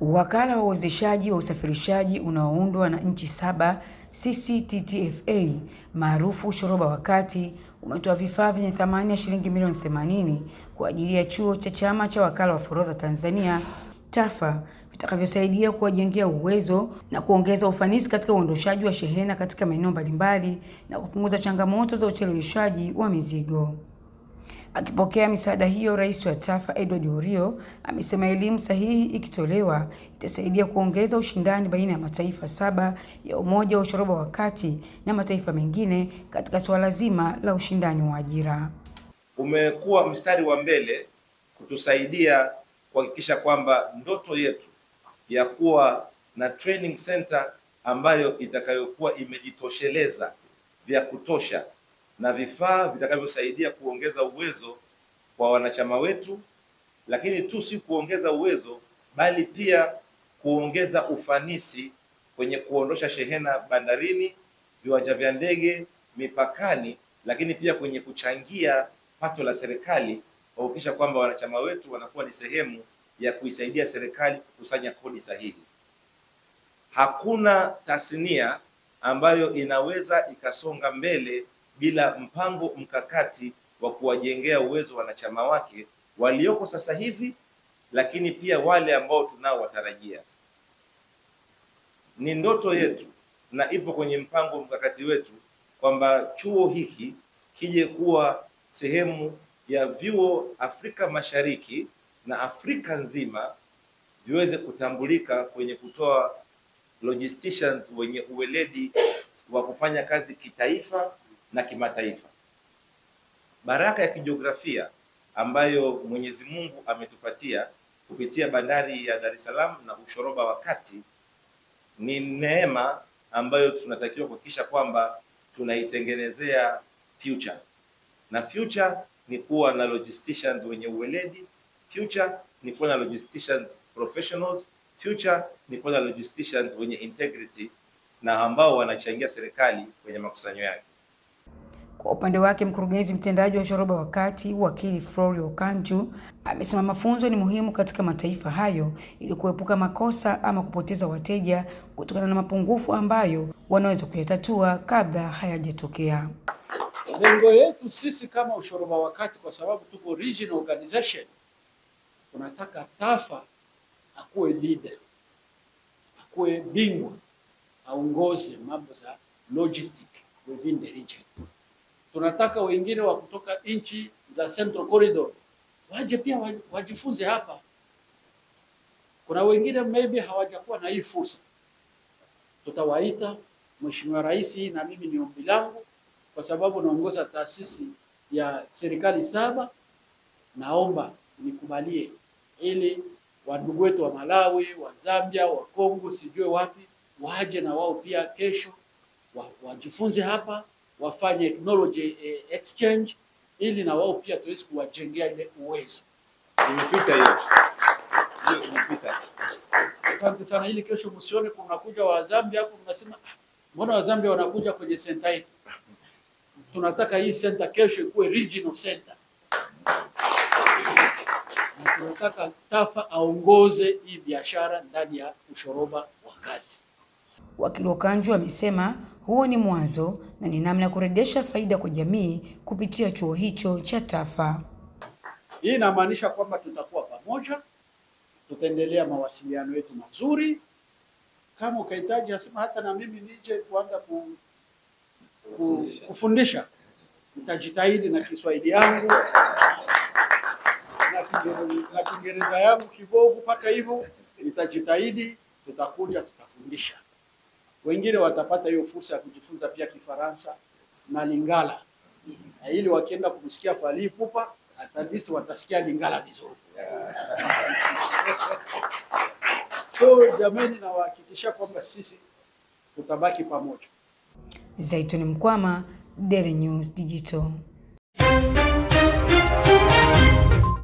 Wakala wa uwezeshaji wa usafirishaji unaoundwa na nchi saba CCTTFA maarufu shoroba wa kati umetoa vifaa vyenye thamani ya shilingi milioni 80 kwa ajili ya chuo cha chama cha wakala wa forodha Tanzania TAFA vitakavyosaidia kuwajengea uwezo na kuongeza ufanisi katika uondoshaji wa shehena katika maeneo mbalimbali na kupunguza changamoto za ucheleweshaji wa mizigo. Akipokea misaada hiyo, rais wa tafa Edward Urio amesema elimu sahihi ikitolewa itasaidia kuongeza ushindani baina ya mataifa saba ya Umoja wa Ushoroba wa Kati na mataifa mengine katika suala zima la ushindani wa ajira. Umekuwa mstari wa mbele kutusaidia kuhakikisha kwamba ndoto yetu ya kuwa na training center ambayo itakayokuwa imejitosheleza vya kutosha na vifaa vitakavyosaidia kuongeza uwezo kwa wanachama wetu, lakini tu si kuongeza uwezo, bali pia kuongeza ufanisi kwenye kuondosha shehena bandarini, viwanja vya ndege, mipakani, lakini pia kwenye kuchangia pato la serikali, kuhakikisha kwamba wanachama wetu wanakuwa ni sehemu ya kuisaidia serikali kukusanya kodi sahihi. Hakuna tasnia ambayo inaweza ikasonga mbele bila mpango mkakati wa kuwajengea uwezo wanachama wake walioko sasa hivi, lakini pia wale ambao tunaowatarajia. Ni ndoto yetu na ipo kwenye mpango mkakati wetu kwamba chuo hiki kije kuwa sehemu ya vyuo Afrika Mashariki na Afrika nzima viweze kutambulika kwenye kutoa logisticians wenye uweledi wa kufanya kazi kitaifa na kimataifa. Baraka ya kijiografia ambayo Mwenyezi Mungu ametupatia kupitia bandari ya Dar es Salaam na ushoroba wa kati ni neema ambayo tunatakiwa kuhakikisha kwamba tunaitengenezea future. Na future ni kuwa na logisticians wenye uweledi, future ni kuwa na logisticians professionals, future ni kuwa na logisticians wenye integrity na ambao wanachangia serikali kwenye makusanyo yake. Kwa upande wake mkurugenzi mtendaji wa ushoroba wa kati wakili Florio Kanju amesema mafunzo ni muhimu katika mataifa hayo ili kuepuka makosa ama kupoteza wateja kutokana na mapungufu ambayo wanaweza kuyatatua kabla hayajatokea. Lengo yetu sisi kama ushoroba wa kati, kwa sababu tuko regional organization, tunataka TAFA akuwe leader, akuwe bingwa, aongoze mambo za logistic within the region tunataka wengine wa kutoka nchi za Central Corridor waje pia wajifunze hapa. Kuna wengine maybe hawajakuwa na hii fursa, tutawaita. Mheshimiwa Rais, na mimi ni ombi langu, kwa sababu naongoza taasisi ya serikali saba, naomba nikubalie ili wandugu wetu wa Malawi, wa Zambia, wa Kongo, sijue wapi, waje na wao pia kesho wajifunze hapa wafanye technology eh, exchange ili na wao pia tuwezi kuwajengea ile uwezo. Imepita hiyo. Asante sana. Ili kesho msione kunakuja wa Zambia hapo, mnasema ah, mbona wa Zambia wanakuja kwenye center yetu? Tunataka hii center kesho ikuwe regional center. Tunataka Tafa aongoze hii biashara ndani ya ushoroba wakati Wakili Okanjo amesema huo ni mwanzo na ni namna ya kurejesha faida kwa jamii kupitia chuo hicho cha Tafa. Hii inamaanisha kwamba tutakuwa pamoja, tutaendelea mawasiliano yetu mazuri. Kama ukahitaji asema hata na mimi nije kuanza ku, ku, kufundisha, nitajitahidi na Kiswahili yangu na Kiingereza yangu kibovu mpaka hivyo, nitajitahidi, tutakuja tutafundisha. Wengine watapata hiyo fursa ya kujifunza pia Kifaransa na Lingala na ili wakienda kumsikia Fally Ipupa atadisi watasikia Lingala vizuri yeah. So jamani, nawahakikisha kwamba sisi tutabaki pamoja. Zaituni Mkwama, Daily News Digital.